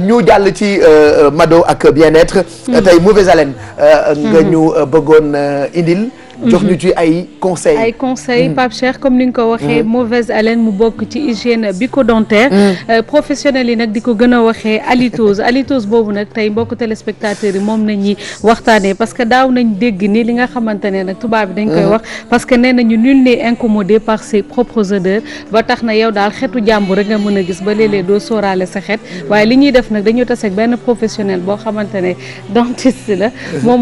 ñu jàll ci euh, Mado ak bien-être hmm. tey mauvaise haleine euh, hmm. nga ñu euh, bëggoon indil jox ñu mhm. ci ay conseils. Mhm. Pape Cheikh comme ni nga ko waxee. Mhm. mauvaise haleine mu bokk ci hygiène bucco-dentaire. Euh, professionnels yi nag di ko gën a waxee halitose halitose boobu nag tey mbokk téléspectateurs yi moom nañuy waxtaanee parce que daaw nañ dégg nii li nga xamante ne nag tubaab bi dañ koy wax. parce que nee nañu nu n'est incommodé par ses propres odeurs ba tax na yow daal xetu jàmbur rek nga mën a gis ba léeg-léeg doo sóoraale sa xet waaye li ñuy def nag dañu ta ak benn professionnel boo xamante ne dentiste la moom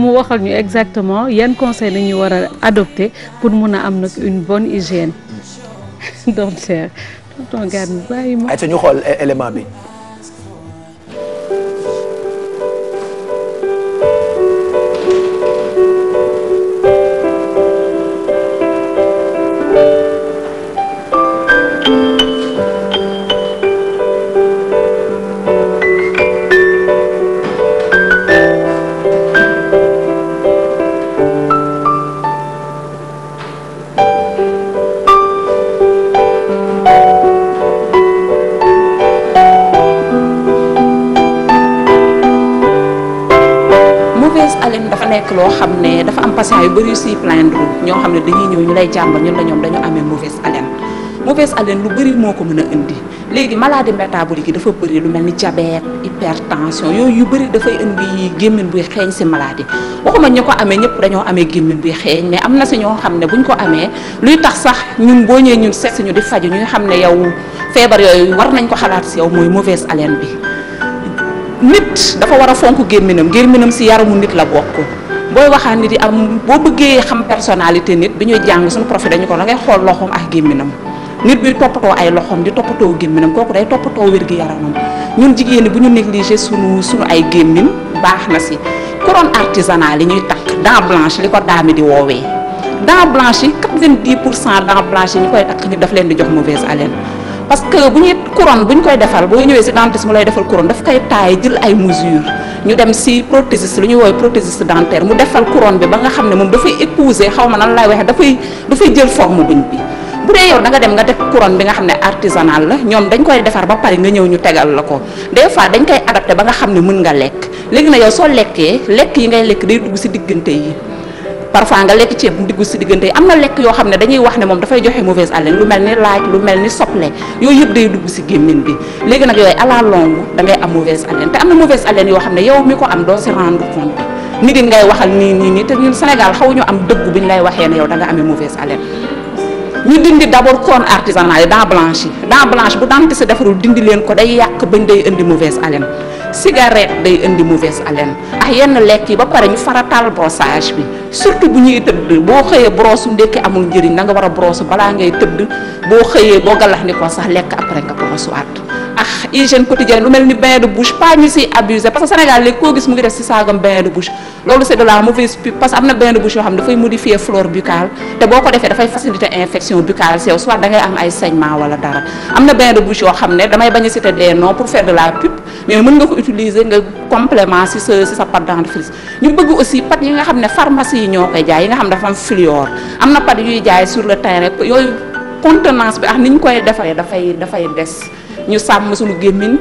yan conseil nañu adopté pour mun a am nag une bonne hygiène donc c'est tonton Gane bàyyi ma. ayca ñu xool élément bi. loo xam ne dafa am patient yu bëri si plaindre ñoo xam ne dañuy ñëw ñu lay jàmbal ñun la ñoom dañu amee mauvaise haleine mauvaise haleine lu bëri moo ko mën a indi léegi maladie métabolique yi dafa bëri lu mel ni diabète hypertension yooyu yu bëri dafay indi gémmin buy xeeñ si maladie waxuma ñu ko amee ñëpp dañoo amee gémmin buy xeeñ mais am na si ñoo xam ne buñ ko amee luy tax sax ñu boo ñëwee ñun seet si ñu di faju ñu xam ne yow feebar yooyu war nañ ko xalaat si yow mooy mauvaise haleine bi nit dafa war a fonk gémminam gémminam si yaramu nit la bokk booy waxaan nit yi am boo bëggee xam personnalité nit bi ñuy jàng suñu profil dañu ko da xool loxoom ak gémminam nit bi toppatoo ay loxoom di toppatoo gémminam kooku day toppatoo wér gi yaramam ñun jigéen ñi bu ñu négligé sunu sunu ay gémmin baax na si couronne artisanale li ñuy takk dent blanche li ko daami di woowee dent blanche yi quatre vingt pour cent dent blanche yi ñu koy takk nit daf leen di jox mauvaise haleine parce que bu ñuy couronne bu ñu koy defal boo ñëwee si dentiste mu lay defal couronne daf koy taay jël ay mesures ñu dem si prothésiste lu ñu woowee prothésiste dentaire mu defal couronne bi ba nga xam ne moom dafay épouser xaw ma nan lay waxee dafay dafay jël forme buñ bi bu dee yow da nga dem nga def couronne bi nga xam ne artisanal la ñoom dañ koy defar ba pare nga ñëw ñu tegal la ko des fois dañ koy adapté ba nga xam ne mën nga lekk léegi na yow soo lekkee lekk yi ngay lekk day dugg si diggante yi parfois nga lekk ceeb mu diggu si diggante yi am na lekk yoo xam ne dañuy wax ne moom dafay joxe mauvaise haleine lu mel ni laaj lu mel ni soble yooyu yëpp day dugg si gémmiñ bi léegi nag yooyu à la longue da ngay am mauvaise haleine te am na mauvaise haleine yoo xam ne yow mi ko am doo si rendre compte nit ñi ngay waxal nii nii nii te ñun Sénégal xawuñu am dëgg bi ñu lay waxee ne yow da nga amee mauvaise haleine ñu dindi d'abord corne artisanale yi dents blanches yi dents blanches bu dentiste defarul dindi leen ko day yàq bañ day indi mauvaise haleine cigarette day indi mauvaise haleine ak ah, yenn lekk yi ba pare ñu farataal brossage bi surtout bu ñuy tëdd boo xëyee brosse ndekki amul njëriñ na war a brosse balaa ngay tëdd boo xëyee boo galax ni ko sax lekk après nga brosse waat ak ah, hygiène quotidienne lu mel ni bain de bouche ñu si abusé parce que Sénégal léegi koo gis mu ngi def si saagam bain de loolu c'est de la mauvaise pub parce que am na bain de yoo xam ne dafay modifier flore buccale te boo ko a citer des mais mën nga ko utiliser nga complément si sa si sa ñu bëgg aussi pâte yi nga xam ne pharmacie yi ñoo koy jaay yi nga xam ne dafa am fluor am na pâte yuy jaay sur le terrain yooyu contenance bi ak ni ñu koy defaree dafay dafay des ñu sàmm suñu gémmiñ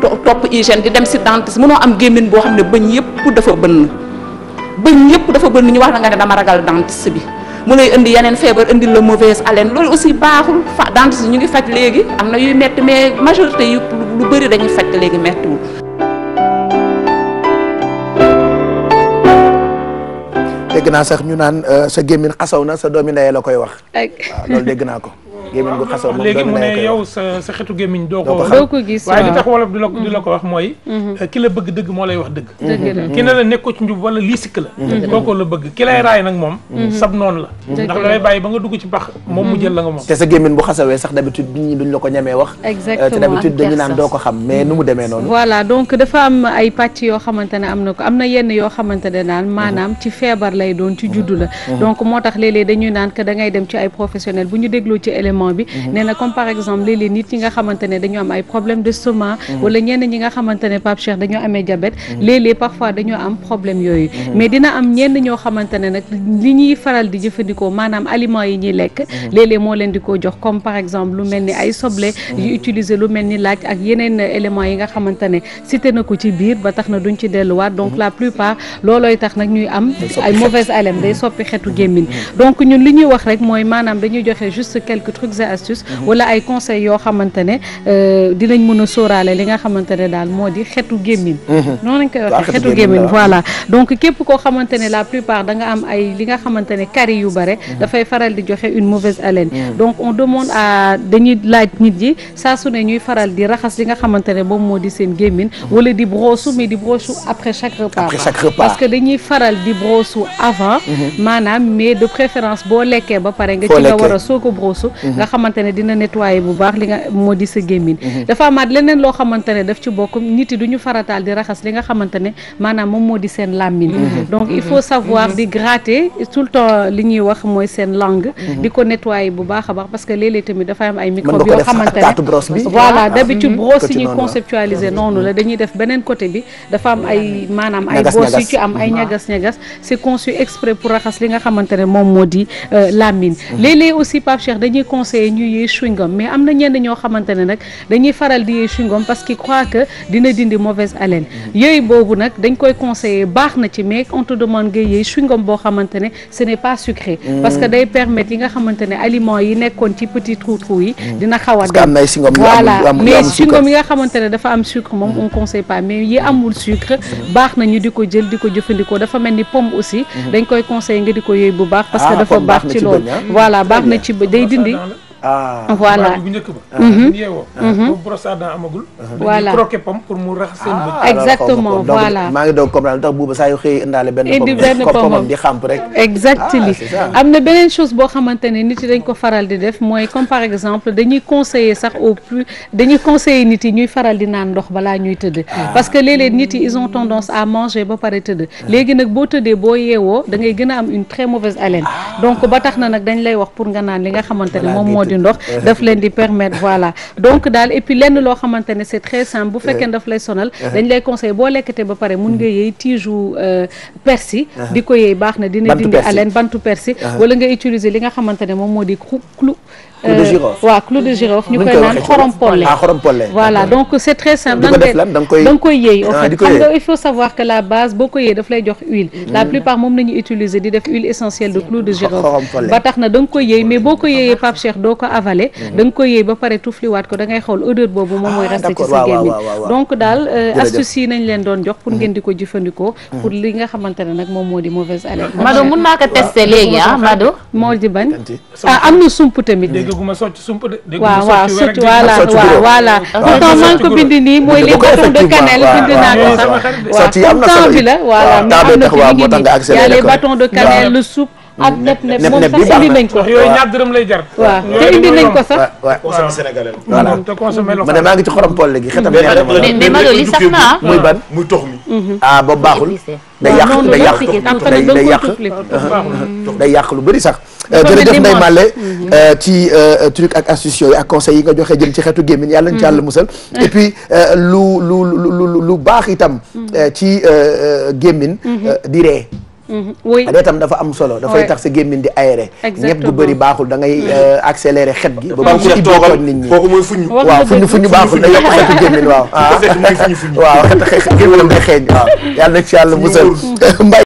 topp hygiène di dem si dentiste mënoo am gémmiñ boo xam ne bëñ yëpp dafa bënn bëñ yëpp dafa bënn ñu wax na nga ne dama ragal dentiste bi mu lay indi yeneen feebar indi la mauvaise haleine loolu aussi baaxul fa dentiste ñu ngi faj léegi am na yuy métti mais majorité yu lu bëri dañuy faj léegi méttiwul. dégg naa sax ñu naan euh, sa gémmiñ xasaw na sa doomi ndey la koy wax. waaw loolu dégg naa ko. gémmiñ bu xasoo moom léegi mu ne yow sa sa xetu gémmiñ doo ko doo ko gis waaye li tax wala di la di la mm-hmm. ko wax mooy mm-hmm. eh, ki la bëgg dëgg moo lay wax dëgg mm-hmm. ki ne la nekkoo ci njub wala lay raay nag moom sab noonu la ndax eh, dafa am ay pàcc yoo xamante am na ko am na yenn yoo xamante ne maanaam ci feebar lay doon ci juddu la donc moo tax léeg-léeg dañuy naan que da ngay dem ci ay professionnel bu ñu dégloo ci élément environnement bi mhm. nee na comme par exemple léeg-léeg nit ñi nga xamante ne am ay problème de stomac mhm. wala ñenn ñi nga xamante ne Pape Cheikh dañoo amee diabète mhm. léeg-léeg parfois dañoo am problème yi ñuy lekk léeg moo leen di ko jox comme par exemple lu mel ni ay soble yu utiliser lu mel ni laaj ak yeneen éléments yi nga xamante ne cité na ko ci biir ba tax na duñ ci delluwaat donc la plupart loolooy tax nag ñuy am ay mauvaise haleine day soppi xetu gémmiñ donc ñun li ñuy wax trucs et astuces. wala ay conseils yoo xamante ne euh, dinañ mën a sóoraale li nga xamante ne daal moo di xetu gémmiñ. Mhm. noonu lañ koy waxee xetu gémmiñ voilà donc képp koo xamante ne la plupart danga nga am ay li nga xamante ne carie yu bare. Mhm. dafay faral di joxe une mauvaise haleine. Mhm. donc on demande à dañuy laaj nit yi saa su ne ñuy faral di raxas li nga xamante ne moom moo di seen gémmiñ. wala di brosse mais di brosse après chaque repas. après chaque repas parce que dañuy faral di brosse avant. maanaam mais ba pare nga xamante ne dina nettoyer bu baax li nga moo di sa gémmiñ mhm. dafa amaat leneen loo xamante ne daf ci bokk nit yi du ñu farataal di raxas li nga xamante ne maanaam moom moo di seen làmmiñ mhm. Mhm. donc il faut savoir di gratter tout le temps li ñuy wax mooy seen langue di ko nettoyer bu baax a baax parce que léeg-léeg tamit dafa am ay microbes yoo xamante ne voilà ah. d'habitude brosse yi noonu la dañuy def beneen côté bi dafa am ay maanaam ay brosse yu ci am ay ñagas-ñagas c'est conçu exprès pour raxas li nga xamante ne moom moo di euh, làmmiñ léeg aussi Pape Cheikh dañuy conseil conseillé ñu yëy chewing gum mais am na ñenn ñoo xamante ne nag dañuy faral di yëy parce qu'ils croient que dina dindi mauvaise haleine mm-hmm. yëy boobu nag dañ koy conseillé baax na ci mais on te demande nga yëy chewing boo xamante ne ce n'est pas mm-hmm. parce que day permettre yi nga xamante ne aliments yi nekkoon ci petit trou trou yi mm-hmm. dina xaw a dem voilà mais chewing gum yi nga xamante ne dafa am sucre moom on conseille pas mais yi amul sucre baax na ñu di ko jël di ko jëfandikoo dafa mel ni pomme aussi dañ koy conseil nga di ko yëy bu baax parce que ah, dafa baax ci loolu voilà baax na ci ah. day dindi ah voilà bu ah. Mhm. Ah. Mhm. pour mu raxas seen ah. bët. exactement maa ngi doog comprendre ndax buuba saa yu xëy indaale benn. indi am na beneen chose boo xamante ne nit yi dañ ko faral di def mooy comme par exemple dañuy conseiller sax au plus dañuy conseiller nit yi ñuy faral di naan ndox balaa ñuy tëdd. parce que léeg-léeg nit yi ils ont tendance à manger ba pare tëdd. léegi nag boo tëddee boo yeewoo da ngay gën a am une très mauvaise haleine donc ba tax na nag dañ lay wax pour nga naan li nga xamante moom moo du ndox daf leen di permettre voilà donc daal et puis lenn loo xamante ne c'est très simple bu eh. fekkee daf lay sonal eh. dañ lay conseil boo lekkatee ba pare mun nga hmm. yëy tiiju euh, persil eh. di ko yëy baax na dina dindi haleine bantu persil wala nga utiliser li nga xamante ne moom moo di clou clou de de girofle ñu koy naan ah, xorom polle voilà donc c'est très simple da koy da nga koy ah, il faut savoir que la base boo ko yëy daf lay jox huile mm. la plupart moom la utiliser di def huile essentielle de clou de girofle ba tax na da koy yëy mais boo ko yëyee Pape Cheikh doo ko avaler mm. da koy yëy ba pare tufliwaat ko da ngay boobu moom mooy ah, resté ci sa gémmiñ donc daal euh, astuce nañ leen doon jox pour ngeen mm-hmm. di ko jëfandikoo mm-hmm. pour li nga moo di mauvaise dégguma socc sump de. dégguma socc wér ak waaw ah, waaw surtout voilà pourtant maa ngi ko bind nii mooy les bâtons de cannelle bind naa ko sax. waaw comme temps bi a de cannelle le soupe. ak nepp nepp moom sax indi nañ ko yooyu ñaar dërëm lay jar waaw te indi nañ ko sax consommé sénégalais voilà ma ne maa ngi ci xorom pool léegi xetam mais Malo li sax na ah. muy ban muy tox mi mhm. ah boobu baaxul day yàq day yàq day yàq uh-huh. Uh-huh. day yàq lu bëri sax jërëjëf Ndeye Malle mhm. uh, ci uh, truc ak astuce yooyu ak conseils yi nga joxe jëm ci xeetu gémmin yàlla ñu ci yàlla mhm. musal et puis uh, lu lu lu lu baax itam ci gémmin di ree areet tam dafa am solo dafay tax sa gémmiñ di aéré ñepp gu bëri baaxul da ngay mm-hmm. euh, accéléré xet gi ba boo ko ibbee tooñ nit ñi kooku mooy fuñu waaw fuñu fuñu baaxul da yokk xetu gémmiñ waaw waaw xet gémmiñam day xeeñ waaw yàlla na yàlla musal